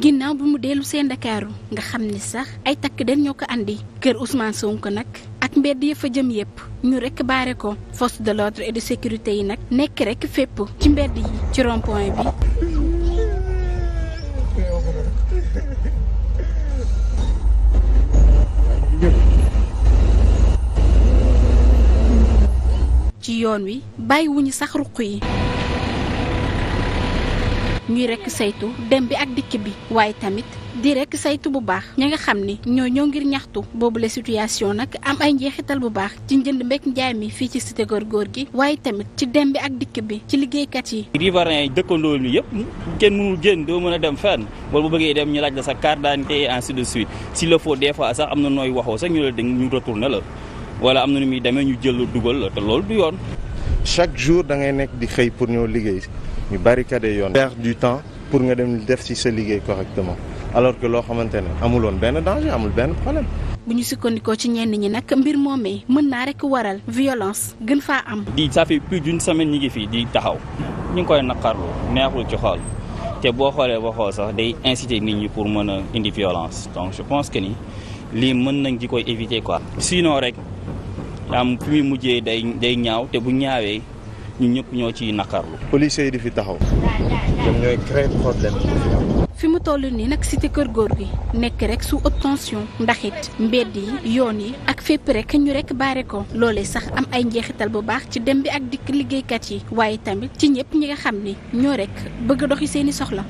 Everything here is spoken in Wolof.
ginnaaw bi mu dellu seen Ndakaaru nga xam ni sax ay takk den ñoo ko indi kër Ousmane Sonko nag ak mbedd ya fa jëm yépp ñu rek baare ko force de l'ordre et de sécurité yi nag nekk rekk fépp ci mbedd yi ci rond bi. ci yoon wi bàyyiwuñu sax ruq yi. ñuy rek saytu dem bi ak dikk bi waaye tamit di rek saytu bu baax ñi nga xam ni ñoo ñoo ngir ñaxtu boobu boobule situation nag am ay njeexital bu baax ci njënd mbekk njaay mi fii ci cité góor gi waaye tamit ci dem bi ak dikk bi ci liggéeykat yi. riverains yi dëkkandoo yi yëpp kenn mënul génn doo mën a dem fenn wala bu bëggee dem ñu laaj la sa carte d'identité et ainsi de suite s'il le faut des fois sax am na nooy waxoo sax ñu la dégg ñu retourné la wala am na nu muy demee ñu jël dugal loolu du yoon. chaque jour da ngay nekk di xëy pour ñoo liggéey. ñu barricadé yoon perdre du temps pour nga dem def ci sa liggéey correctement alors que loo xamante ne amuloon benn danger amul benn problème bu ñu sukkandikoo ci ñenn ñi nag mbir moomee mën naa rek waral violence gën faa am di ça fait plus d'une semaine ñi ngi fii di taxaw ñu ngi koy naqarlu neexul ci xool te boo xoolee ba xool sax day inciter nit ñi pour mën a indi violence donc je pense que ni lii mën nañ di koy éviter quoi sinon rek am fi muy mujjee day day ñaaw te bu ñaawee ñu ñëpp ñoo ci naqarlu. policiers yi di fi taxaw. ñoom ñooy créer problème fi mu toll nii nag cité kër góor gi nekk rek su haute tension ndax it mbedd yi yoon yi ak fépp rek ñu rek baare ko loole sax am ay njeexital bu baax ci dem bi ak dikk liggéeykat yi waaye tamit ci ñëpp ñi nga xam ni ñoo rekk bëgg doxi seeni soxla.